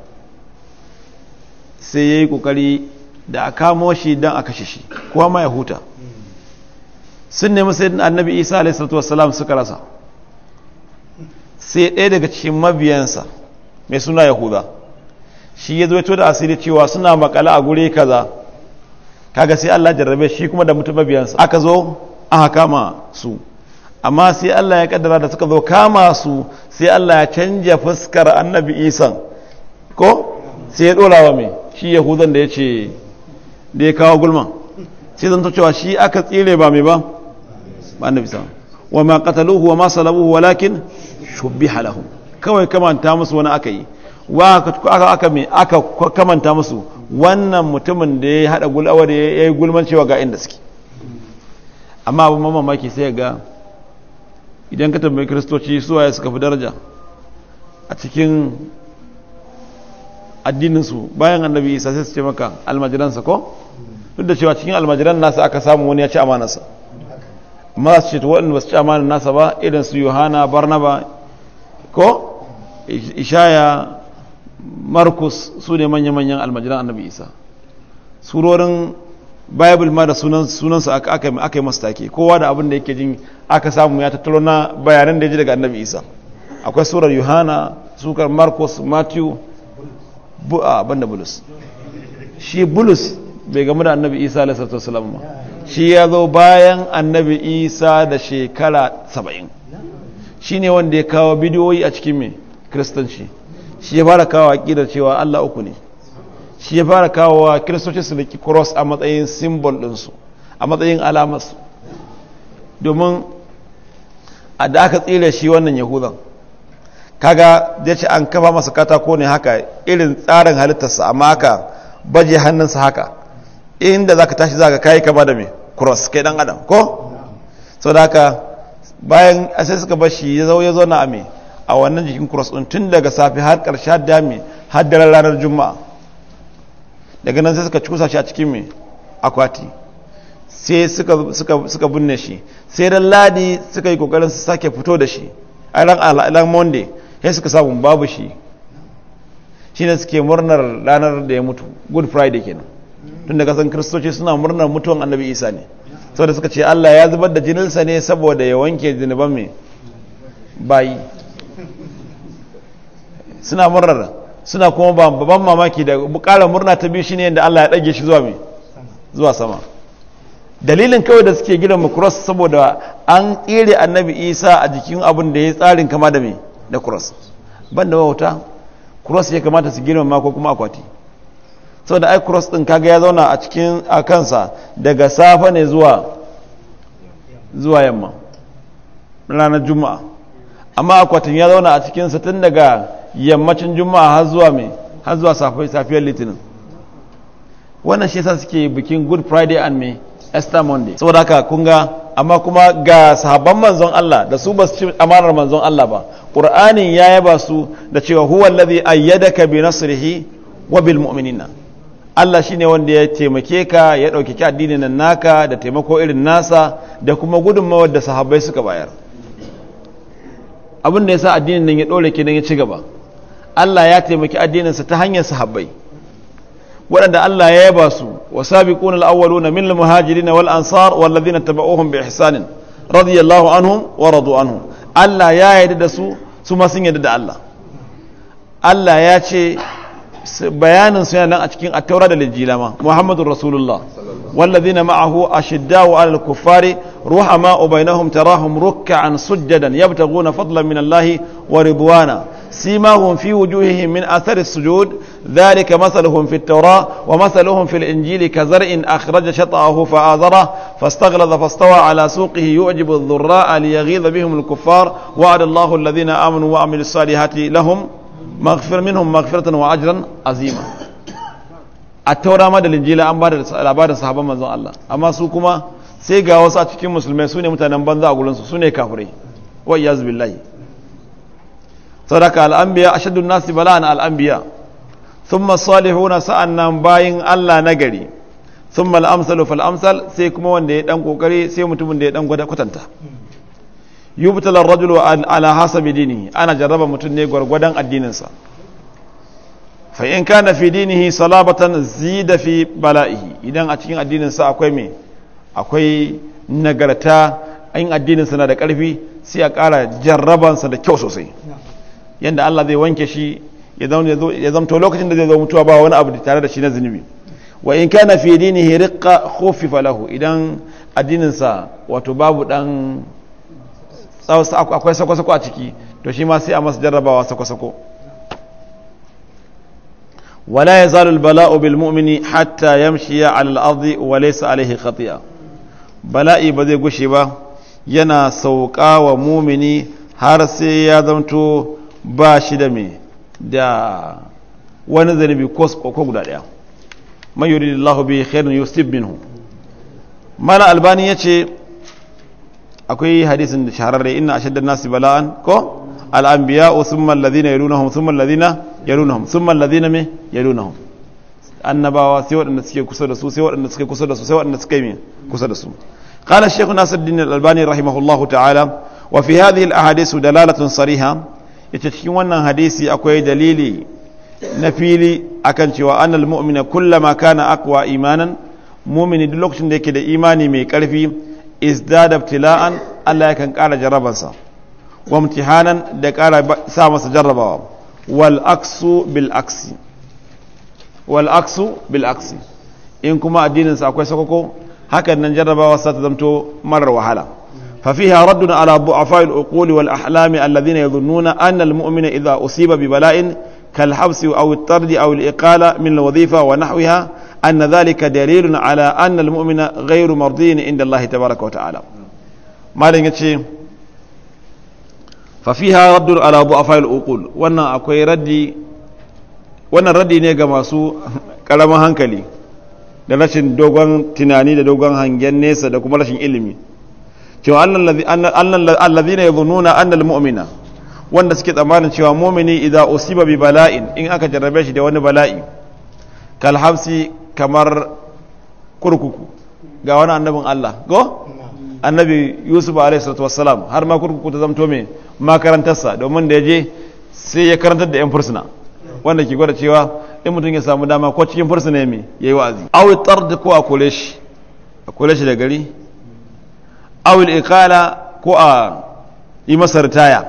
sai ya yi kokari da a kamo shi don a kashe shi kuwa ma ya huta sun nemi sai annabi isa alaihissalatu suka rasa sai ɗaya daga cikin mabiyansa mai suna yahuda shi ya zo da asiri cewa suna makala a guri kaza kaga sai allah jarrabe shi kuma da mutum mabiyansa aka zo aka kama su amma sai Allah ya kaddara da suka zo kama su sai Allah ya canja fuskar annabi isan ko sai ya dora wa mai shi yahudan da ya ce da ya kawo gulma sai zan cewa shi aka tsire ba mai ba ba annabi sa wa ma qataluhu wa ma salabuhu walakin shubbiha lahum kawai kamanta musu wani aka yi wa aka aka mai aka kamanta musu wannan mutumin da ya hada gulawa da ya yi gulman cewa ga inda suke amma abin mamaki sai ga idan ka tambayi kiristoci waye suka fi daraja a cikin addininsu bayan annabi isa sai su ce maka almajiransa ko duk da cewa cikin almajiran nasa aka samu wani ya ci amanarsa amma su ce waɗanda ba su ci amanar nasa ba irin su yohana barnaba ko ishaya markus su ne manya-manyan almajiran annabi isa surorin bible ma da sunan su aka yi masu take kowa da abin da yake jin aka samu ya tattalo na bayanan da ya ji daga annabi isa akwai surar yohana sukar marcus matthew abin da bulus shi bulus bai gamu da annabi isa alisatu wasalam ma shi ya zo bayan annabi isa da shekara saba'in shi ne wanda ya kawo bidiyoyi a cikin mai kiristanci shi ya fara kawo aƙidar cewa allah uku ne shi ya fara kawowa kiristoci su riki cross a matsayin simbol ɗinsu a matsayin alamarsu domin a da aka tsira shi wannan yahudan kaga da ce an kafa masa katako ne haka irin tsarin halittarsa amma haka baje hannunsa haka inda za ka tashi za ka kayi kama da mai cross kai dan adam ko? sau da haka bayan asai suka bashi ya zo ya zo na a wannan jikin cross ɗin tun daga safi har ƙarshen dami har daren ranar juma'a daga nan sai suka cusa shi a cikin mai akwati sai suka binne shi sai ran ladi suka yi kokarin su sake fito da shi a ran monday sai suka samu babu shi shi ne suke murnar ranar da ya mutu good friday kenan tun da kasan kiristoci suna murnar mutuwan annabi isa ne saboda suka ce allah ya zubar da jininsa ne saboda ya wanke zinuban mai bayi suna murnar suna kuma babban mamaki da bukala murna ta biyu shine yadda Allah ya dage shi zuwa mai zuwa sama dalilin kawai da suke gina cross saboda an tsere annabi isa a jikin abin da ya tsarin kama da mai da cross ban da wauta cross ya kamata su gina ma ko kuma akwati saboda ai cross din kaga ya zauna a cikin a kansa daga safa ne zuwa zuwa yamma ranar juma'a amma akwatin ya zauna a cikinsa tun daga yammacin juma'a har zuwa mai har zuwa safiyar litinin wannan shi yasa suke bikin good friday and May, easter monday saboda haka kun ga amma kuma ga sahabban manzon Allah da su ba su ci amarar manzon Allah ba qur'anin ya yaba su da cewa huwa allazi ayyadaka bi nasrihi wa bil mu'minina Allah shine wanda ya taimake ka ya dauke ki addinin nan naka da taimako irin nasa da kuma gudunmawar da sahabbai suka bayar abin da yasa addinin nan ya dore ki nan ya ci gaba Allah ya taimaki addininsa ta hanyar sahabbai waɗanda Allah ya yaba su wa sabiquna al-awwaluna min al-muhajirin wal ansar wal ladina tabauhum bi ihsanin radiyallahu anhum wa radu anhum Allah ya yarda da su su ma sun yarda da Allah Allah ya ce bayanin su yana nan a cikin at-taura da lijila ma Muhammadur Rasulullah wal ladina ma'ahu ashiddau 'alal kuffari ruhama'u bainahum tarahum ruk'an sujjadan yabtaguna fadlan min Allah wa ridwana سيماهم في وجوههم من أثر السجود ذلك مثلهم في التوراة ومثلهم في الإنجيل كزرع أخرج شطأه فآذره فاستغلظ فاستوى على سوقه يعجب الضراء ليغيظ بهم الكفار وعد الله الذين آمنوا وعملوا الصالحات لهم مغفر منهم مغفرة وأجرا عظيما التوراة مدى الإنجيل أنبار الصحابة من الله أما سوكما sai ga wasu a cikin musulmai su ne mutanen banza a gurinsu su ne kafirai wa iyaz billahi saboda al'ambiya shaddun nasi bala'an al'ambiya thumma sa'an sa'annan bayan Allah na gari al'amsalu fal amsal sai kuma wanda ya ɗan kokari sai mutumin da ya dan gwada kwatanta yubtala ar-rajulu ala hasabi dinihi ana jarraba mutum ne gwargwadon addininsa fa in kana fi dinihi salabatan zida fi bala'ihi idan a cikin addininsa akwai me akwai nagarta in addininsa na da karfi sai a ƙara jarrabansa da kyau sosai yanda Allah zai wanke shi ya zamto lokacin da zai zo mutuwa ba wani abu tare da shi na zunubi wa in kana fi dinihi riqqa khufifa lahu idan addininsa wato babu dan akwai sako-sako a ciki to shi ma sai a masa jarrabawa sako-sako wala ya zalu bala'u bil mu'mini hatta yamshiya ala al-ardi wa laysa alayhi khati'a bala'i ba zai gushe ba yana sauka wa mumini har sai ya zamto ba shi da me da wani zanibi ko ko guda daya man yuridillahu bi khairin yusuf minhu mala albani yace akwai hadisin da shahararre inna ashadda nasi bala'an ko al'anbiya'u thumma alladhina yalunahum thumma alladhina yalunahum thumma alladhina me yalunahum annabawa sai waɗanda suke kusa da su sai waɗanda suke kusa da su sai waɗanda suke me kusa da su qala shaykh nasiruddin al-albani rahimahullahu ta'ala wa fi hadhihi al-ahadith dalalatun sariha ita cikin wannan hadisi akwai dalili na fili akan cewa annal mu'mina kullama kana aqwa imanan mu'mini duk lokacin da yake da imani mai karfi izdada ibtila'an Allah yakan kara jarabansa wa imtihanan da kara sa masa jarrabawa wal aksu bil aksi in kuma addinin sa akwai sakoko hakan nan jarrabawa sa ta zamto marar wahala ففيها رد على ضعفاء العقول والأحلام الذين يظنون أن المؤمن إذا أصيب ببلاء كالحبس أو الطرد أو الإقالة من الوظيفة ونحوها أن ذلك دليل على أن المؤمن غير مرضي عند الله تبارك وتعالى ما لنجي ففيها رد على ضعفاء العقول وانا أكوي ردي وانا ردي نيجا ماسو كلام هنكلي da rashin dogon tunani da dogon hangen nesa da kuma rashin ilimi cewa allazina nuna annal mu'mina wanda suke tsammanin cewa mu'mini idza usiba bi bala'in in aka jarrabe shi da wani bala'i kal kamar kurkuku ga wani annabin Allah go annabi Yusuf A.S. har ma kurkuku ta zamto me makarantarsa domin da ya je sai ya karantar da yan fursuna wanda ke gwada cewa in mutum ya samu dama ko cikin fursuna ne me yayi wa'azi aw tard ko a kule shi a shi da gari awul ikala ko a yi masa ritaya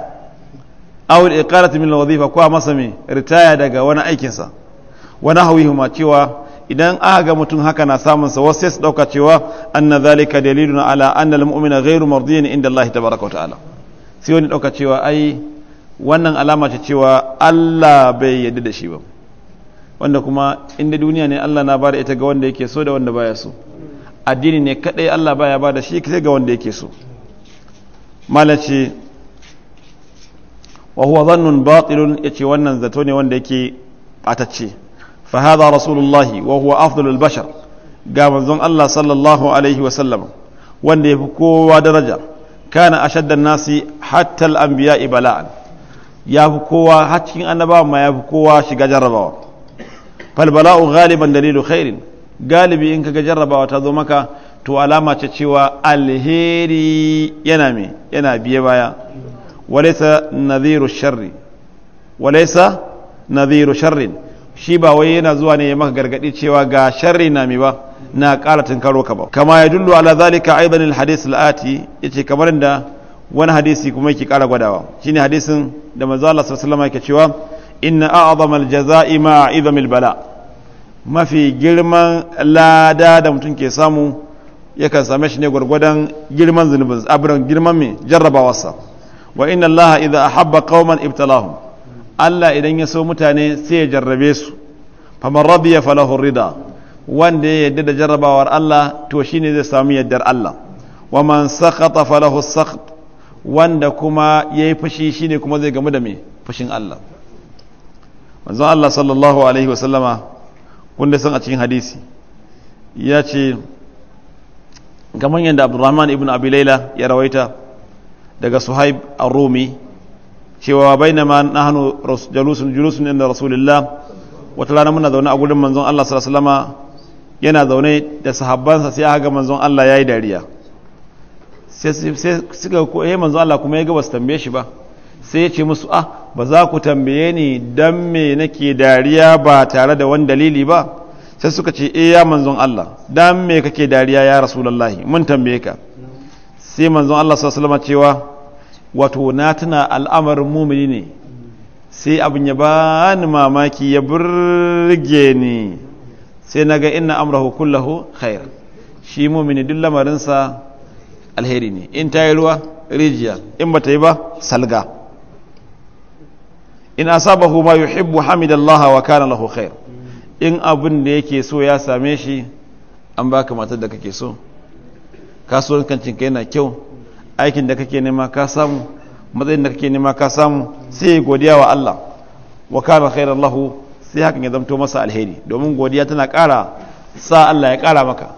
awul ikala ta milan wazifa ko a masa mai ritaya daga wani aikinsa wani hawi ma cewa idan aka ga mutum haka na samunsa wasu su dauka cewa an na zalika dalilun ala an na gairu mardiyin inda Allah ta baraka ta'ala sai wani dauka cewa ai wannan alama ce cewa Allah bai yadda da shi ba wanda kuma inda duniya ne Allah na bada ita ga wanda yake so da wanda baya so addini ne kadai Allah baya ba da shi sai ga wanda yake so malace wa huwa dhannun batilun yace wannan zato ne wanda yake batacce fa hadha rasulullahi wa huwa afdalul bashar ga manzon Allah sallallahu alaihi wa sallam wanda yafi kowa daraja kana ashaddan nasi hatta al anbiya'i bala'an yafi kowa har cikin annabawa ma yafi kowa shiga jarrabawa fal bala'u ghaliban dalilu khairin galibi in kaga jarrabawa ta zo maka to alama ce cewa alheri yana me yana biye baya walaysa nadhiru sharri walaysa nadhiru sharrin shi ba wai yana zuwa ne ya maka gargadi cewa ga sharri na me ba na ƙara tunkaro ka ba kama ya dullu ala zalika aidan al ati yace kamar da wani hadisi kuma yake ƙara gwadawa shine hadisin da manzo Allah sallallahu alaihi wasallam yake cewa inna a'zama aljaza'i ma'a idhamil bala' mafi girman lada da mutum ke samu ya kan same shi ne gwargwadon girman zunubin abin girman mai jarrabawarsa wa inna Allah a ahabba qauman ibtalahu Allah idan ya so mutane sai ya jarrabe su rabi ya falahu rida wanda ya yadda da jarrabawar Allah to shine zai samu yardar Allah wa man sakata falahu sakat wanda kuma ya yayi shi shine kuma zai gamu da mai fashin Allah manzon Allah sallallahu alaihi wa wanda san a cikin hadisi ya ce kamar yadda abdurrahman ibn abi laila ya rawaita daga suhaib a rumi cewa bai na na hannu jalusun julusun inda rasulillah wata rana muna zaune a gurin manzon Allah sallallahu yana zaune da sahabbansa sai aka ga manzon Allah ya yi dariya sai suka ko eh, manzon Allah kuma ya ga basu tambaye shi ba sai ya ce musu ah ba za ku tambaye ni dan me nake dariya ba tare da wani dalili ba sai suka ce e ya manzon Allah dan me kake dariya ya rasu rasulullahi mun tambaye ka sai manzon Allah sallallahu alaihi cewa wato na tuna al'amarin mumini ne sai abin ya bani mamaki ya burge ni sai naga inna amrahu kullahu khair shi mumini duk lamarinsa alheri ne in ta yi ruwa rijiya in ba ta yi ba salga in asabahu ma yuhibbu hamidallaha wa kana lahu khair in abin da yake so ya same shi an baka matar da kake so kasuwancin ka yana kyau aikin da kake nema ka samu matsayin da kake nema ka samu sai ya godiya wa Allah wa kana khairan lahu sai hakan ya zamto masa alheri domin godiya tana kara sa Allah ya kara maka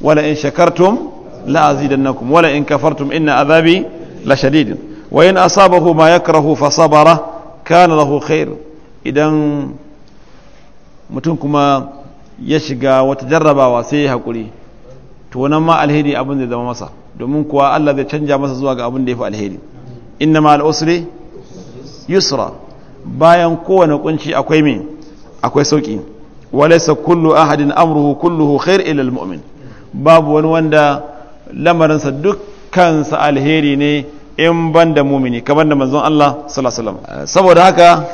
wala in shakartum la azidannakum wala in kafartum inna azabi la shadid wa in asabahu ma yakrahu fa sabara kana lahu khair idan mutum kuma ya shiga wata jarrabawa sai ya haƙuri to nan ma alheri abin zai zama masa domin kuwa Allah zai canja masa zuwa ga abin da ya fi alheri inna ma al'usri yusra bayan kowane kunci akwai me akwai sauki walaysa kullu ahadin amruhu kulluhu khair ila almu'min babu wani wanda lamarinsa dukkansa alheri ne in ban da mumini kamar da manzon Allah sallallahu alaihi eh, saboda haka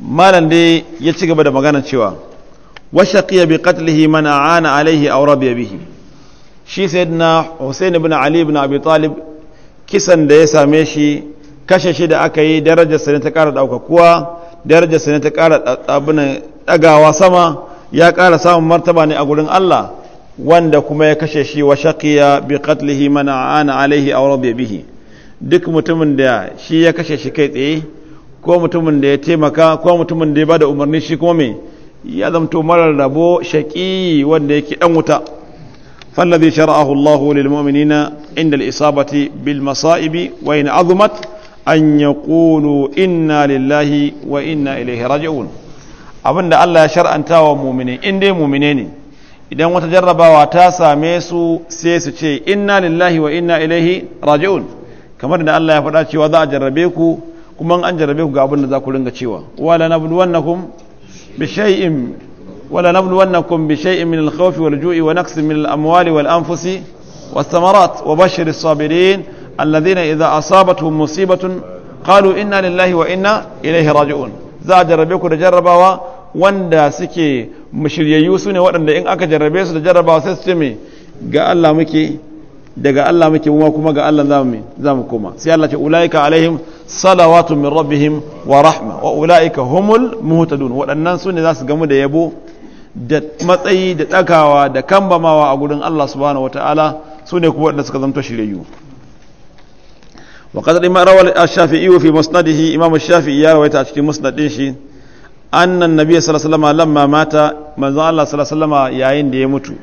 malam dai ya ci gaba da magana cewa wa shaqiya bi qatlihi man aana alaihi aw rabiya bihi shi sayyidina husain ibn Ali ibn Abi Talib kisan da ya same shi kashe shi da aka yi darajar sa ne ta kara daukakuwa darajar sa ne ta kara abin dagawa sama ya kara samun martaba ne a gurin Allah wanda kuma ya kashe shi wa shaqiya bi qatlihi man aana alaihi aw rabiya bihi duk mutumin da shi ya kashe shi kai tsaye ko mutumin da ya taimaka ko mutumin da ya bada umarni shi kuma mai. ya zamto marar rabo shaƙi wanda yake ɗan wuta فالذي شرعه الله للمؤمنين عند الإصابة بالمصائب وإن عظمت أن يقولوا inna lillahi وإنا إليه راجعون abin da Allah ya shar'anta wa mumine in dai mumine ne idan wata jarrabawa ta same su sai su ce inna lillahi wa inna ilaihi raji'un kamar da Allah ya faɗa cewa za a jarrabe ku kuma an jarrabe ku ga abin da za ku ringa cewa wala nabluwannakum bi shay'in wala nabluwannakum bi shay'in min al-khawf wal-ju'i wa naqsin min al-amwali wal-anfusi was-samarat wa bashshir as-sabirin alladhina idha asabatuhum musibatun qalu inna lillahi wa inna ilayhi raji'un za a jarrabe ku da jarrabawa wanda suke mushiryayyu su ne waɗanda in aka jarrabe su da jarrabawa sai su ce me ga Allah muke daga Allah muke mu kuma ga Allah zamu zamu koma sai Allah ce ulaika alaihim salawatu min rabbihim wa rahma wa ulaika humul muhtadun waɗannan sune ne gamu da yabo da matsayi da tsakawa da kambamawa a gurin Allah subhanahu wataala su ne kuma wadanda suka zanto shiryayyu ash-shafi'i fi musnadihi imam ash-shafi'i ya rawaita a cikin musnadin shi annan nabiy sallallahu alaihi wasallam lamma mata manzo Allah sallallahu alaihi wasallam yayin da ya mutu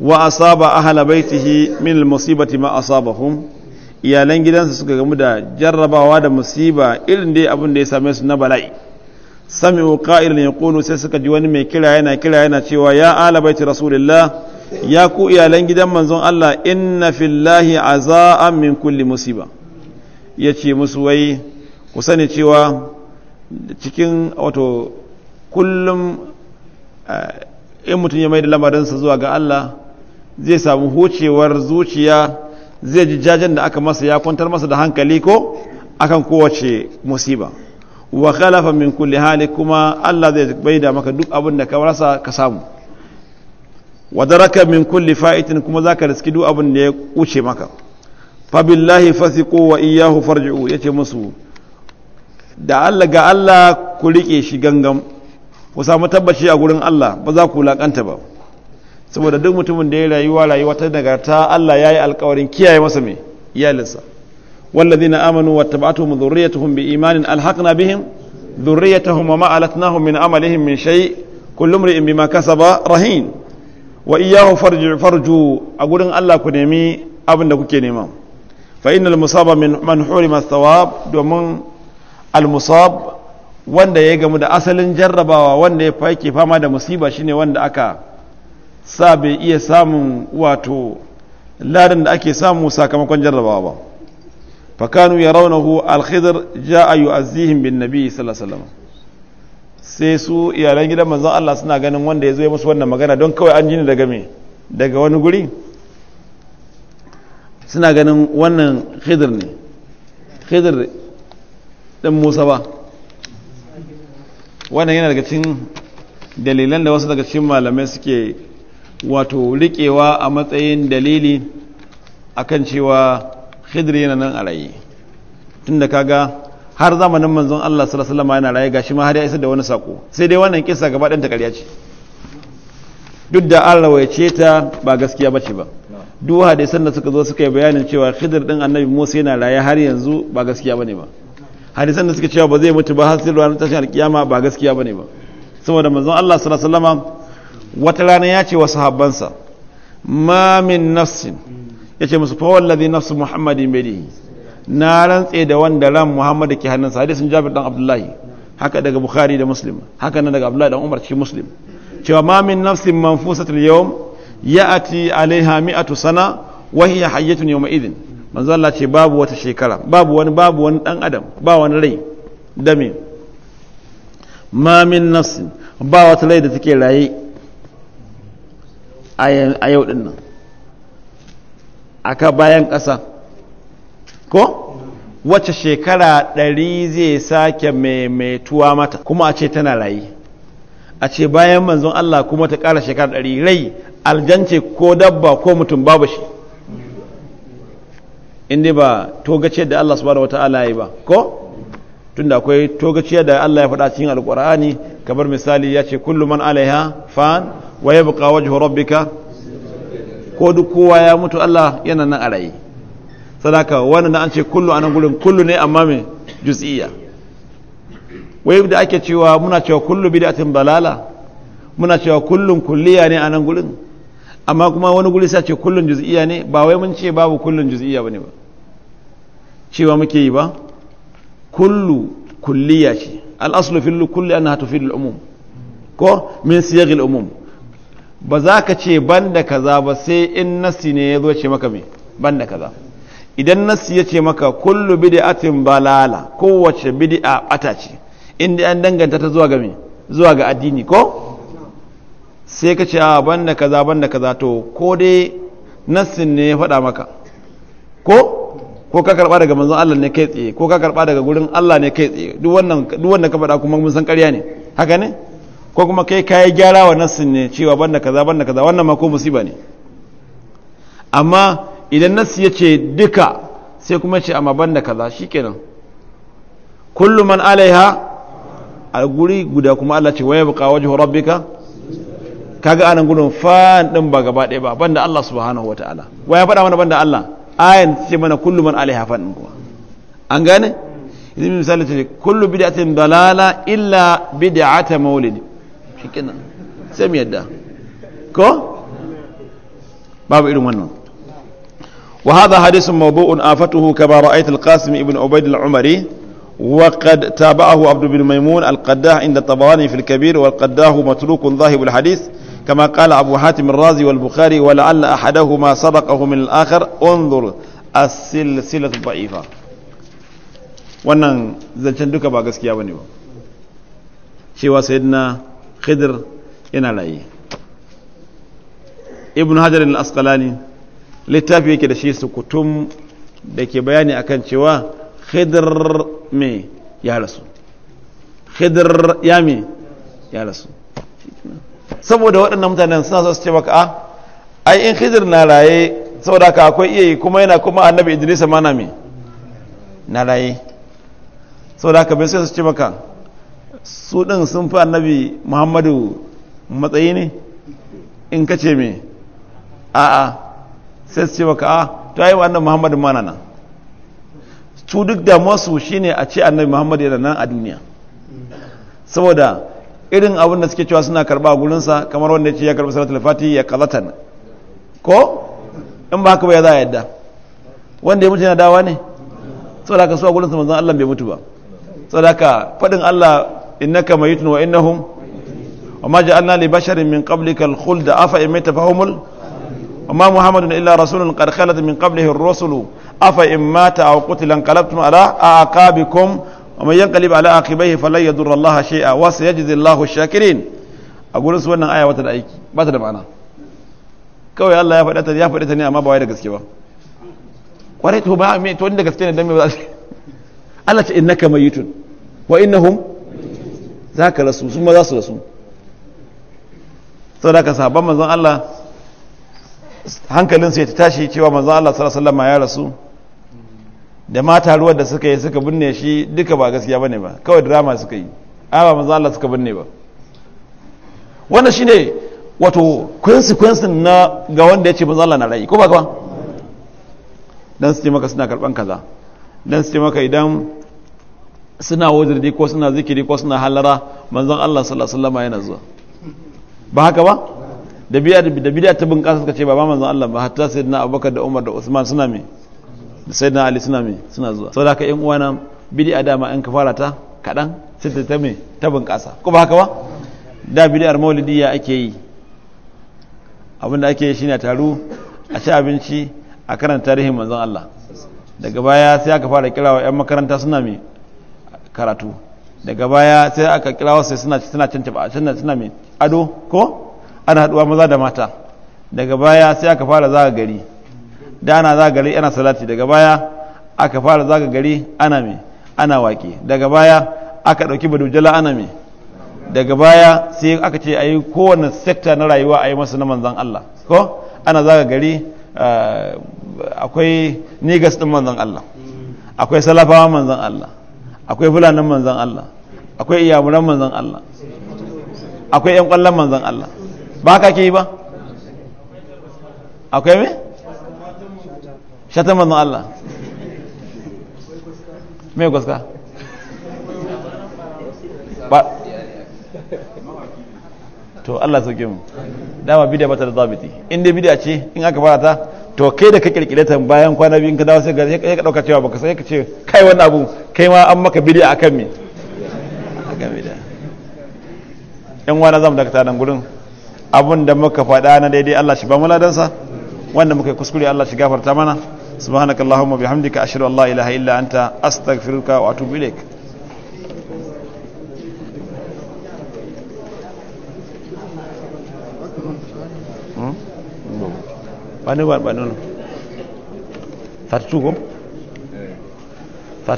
wa asaba ahala baitihi min musibati ma asabahum iyalan gidansa suka gamu da jarrabawa da musiba irin dai abin da ya same su na bala'i sami irin ya yaqulu sai suka ji wani mai kira yana kira yana cewa ya ala baiti rasulillah ya ku iyalan gidan manzon Allah inna fillahi aza'an min kulli musiba yace musu wai ku sani cewa cikin wato kullum eh, in mutum ya mai da lamarinsa zuwa ga Allah zai samu hucewar zuciya zai ji jajen da aka masa ya kwantar masa da hankali ko akan kowace musiba wa khalafa min kulli hali kuma Allah zai baida maka duk abin da ka rasa ka samu wa daraka min kulli fa'itin kuma zaka riski duk abin da ya kuce maka fa billahi fasiqu wa iyyahu farji'u yace musu da Allah ga Allah ku rike shi gangam ku samu tabbaci a gurin Allah ba za ku lakanta ba saboda duk mutumin da ya rayuwa rayuwa ta nagarta Allah ya yi alkawarin kiyaye masa mai iyalinsa wallazina amanu wattaba'atuhum dhurriyyatuhum imanin alhaqna bihim dhurriyyatahum wama alatnahum min amalihim min shay kullu imrin bima kasaba rahin wa iyyahu farju farju a gurin Allah ku nemi abin da kuke nema fa innal musaba min man hurima thawab domin al wanda ya gamu da asalin jarrabawa wanda ya fake fama da musiba shine wanda aka sa bai iya samun wato ladan da ake samu sakamakon jarrabawa ba fakanu ya raunahu alkhidar ja a yu'azzihim bin nabi sallallahu sai su iyalan gidan manzon Allah suna ganin wanda ya zo ya musu wannan magana don kawai an jini daga me daga wani guri suna ganin wannan khidr ne khidr ɗin Musa ba wannan yana daga cikin dalilan da wasu daga cikin malamai suke wato riƙewa a matsayin dalili akan cewa khidr yana nan a raye tunda kaga har zamanin manzon Allah sallallahu alaihi wasallam yana raye gashi ma har ya isa da wani sako sai dai wannan kissa gaba ɗan ta ƙarya ce duk da an rawaice ta ba gaskiya bace ba duk san da suka zo suka yi bayanin cewa khidr din annabi Musa yana raye har yanzu ba gaskiya bane ba hadisan da suka cewa ba zai mutu ba har sai ranar tashin alkiyama ba gaskiya bane ba saboda manzon Allah sallallahu alaihi wasallam wata rana ya ce wa sahabbansa ma min nafsin ya ce musu fawon ladhi nafsu muhammadin yi. na rantse da wanda ran muhammadu ke hannunsa hadisin jabir dan abdullahi haka daga bukhari da muslim haka nan daga abdullahi dan umar cikin muslim cewa ma min nafsin manfusatul yawm ya'ati alaiha mi'atu sana wa ya hayyatun ne idin manzo Allah ce babu wata shekara babu wani babu wani dan adam ba wani rai da me ma min nafsin ba wata rai da take raye a yau din nan aka bayan ƙasa ko wacce shekara ɗari zai sake maimaituwa mata kuma a ce tana rayu a ce bayan manzon Allah kuma ta ƙara shekara ɗari rai aljance ko dabba ko mutum babu shi inda ba gace da Allah subhanahu wa ta'ala yi ba ko tunda akwai togaciya da Allah ya faɗa cikin alkur'ani kamar misali ya ce kullu man alaiha fan wa buƙa wajen rabbika ko duk kowa ya mutu Allah yana nan a rayu sadaka wannan an ce kullu anan gudun kullu ne amma mai juz'iyya wai da ake cewa muna cewa kullu bid'atin balala muna cewa kullun kulliya ne a nan gudun amma kuma wani guri sai ce kullun juz'iyya ne ba wai mun ce babu kullun ba bane ba cewa muke yi ba kullu kulliya ce al'asulu fi kulli ana hatu fi umum ko min siyar al ba za ka ce ban da kaza ba sai in nasi ne ya zo ce maka ban da kaza idan nasi ya ce maka kullu bidi atin balala kowace bidi a ce inda an danganta ta zuwa ga mai zuwa ga addini ko sai ka ce a ah, ban da kaza da kaza to ko dai nassin ne ya faɗa maka ko ko ka karba daga manzon Allah ne kai tsaye ko ka karba daga gurin Allah ne kai tsaye duk wannan duk wannan ka faɗa kuma mun san ƙarya ne haka ne ko kuma kai kai gyara wa nassin ne cewa banda kaza banda kaza wannan ma ko musiba ne amma idan nassi ya ce duka sai kuma ce amma banda kaza shikenan kullu man alaiha a guri guda kuma Allah ce waya buka wajhu rabbika kaga anan gudun fa din ba gaba ɗaya ba banda Allah subhanahu wataala waya faɗa mana banda Allah ayan ta mana kullu man alaiha fan kuma an gane yanzu misali ta kullu bid'atin dalala illa bid'ata maulid shikenan sai mu yadda ko babu irin wannan وهذا حديث موضوع آفته كما رأيت القاسم ابن عبيد العمري وقد تابعه عبد بن ميمون القداح عند الطبراني في الكبير والقداح متروك ذاهب الحديث كما قال أبو حاتم الرازي والبخاري ولعل أحدهما سبقه من الآخر انظر السلسلة الضعيفة wannan zancen duka ba gaskiya bane ba cewa sayyidina khidr yana raye ibn hajar al-asqalani littafi yake da shi sukutum da ke bayani akan cewa khidr ya rasu khidr saboda waɗannan mutanen suna so su ce maka a ah, ai in khidir na raye saboda ka akwai iya yi kuma yana kuma annabi idrisa mana me na raye saboda ka bai sai su ce maka su ɗin sun fi annabi muhammadu matsayi ne in ka ce me a'a sai su ce maka a ah, to wa wannan muhammadu mana nan su duk da masu shine a ce annabi muhammadu yana nan a duniya saboda irin abin da suke cewa suna karba a gurinsa kamar wanda ce ya karba salatul fati ya kalatan ko in ba haka ba ya za a yadda wanda ya mutu yana dawa ne saboda ka su a gurinsa manzon Allah bai mutu ba saboda ka fadin Allah innaka mayitun wa innahum wa ma ja'alna li basharin min qablika al da afa in imita fahumul wa ma muhammadun illa rasulun qad khalat min qablihi ar-rusul afa mata aw qutila qalabtum ala aqabikum ومن ينقلب على عقبيه فلن يضر الله شيئا وسيجزي الله الشاكرين اقول su wannan aya wata da aiki ba ta da ma'ana kawai Allah ya faɗa ta ya faɗa ta ne amma ba wai da gaske ba kwarai to ba me to inda gaske ne dan me ba Allah ce innaka mayitun wa innahum zaka rasu sun ma za su rasu saboda ka sahabban manzon Allah hankalinsa ya tashi cewa manzon Allah sallallahu alaihi wasallam ya rasu da mata ruwan da suka yi suka binne shi duka ba gaskiya ba ne ba kawai drama suka yi a ba manzo Allah suka binne ba wannan ne wato consequence na ga wanda ce maza Allah na rai ko ba ka don su ce maka suna karban kaza don su ce maka idan suna wajirdi ko suna zikiri ko suna halara manzan Allah sallallahu alaihi yana zuwa ba haka ba da biya da biya ta bunƙasa suka ce ba manzon Allah ba hatta sayyidina Abubakar da Umar da Usman suna me sai na ali suna mai suna zuwa sau da haka yan uwana a dama in ka fara ta kaɗan sai ta ta ta bunƙasa ko ba haka ba da maulidi ya ake yi abinda ake yi shine taru a ci abinci a karanta tarihin manzon Allah daga baya sai aka fara kirawa yan makaranta suna mai karatu daga baya sai aka kirawa sai suna suna cancaba suna suna ado ko ana haduwa maza da mata daga baya sai aka fara zaga gari da ana za gari ana salati daga baya aka fara zaga gari ana mai ana waƙe daga baya aka ɗauki badujala ana mai daga baya sai aka ce a yi kowane sekta na rayuwa a yi masu na manzan Allah ko ana zaga gari eh, akwai nigas ɗin manzan Allah akwai salafawa manzan Allah akwai fulanin manzan Allah akwai iyamuran manzan Allah akwai 'yan ƙwallon manzan Allah ba ka ke yi ba akwai mai shatan manzon Allah me gaska ba to Allah sauke mu dama bidiya bata da zabiti in dai bidiya ce in aka fara ta to kai da ka kirkire ta bayan kwana biyu ka dawo sai sai ka dauka cewa baka sai ka ce kai wannan abu kai ma an maka bidiya akan me akan bidiya yan wani zamu daga nan gurin abun da muka faɗa na daidai Allah shi ba mu ladansa wanda muka yi kuskure Allah shi gafarta mana subhanaka allahumma bihamdika ashhadu an la ilaha illa anta astaghfiruka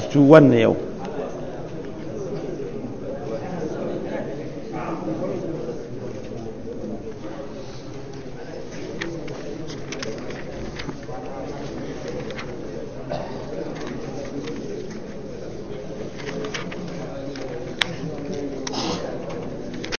hmm? yau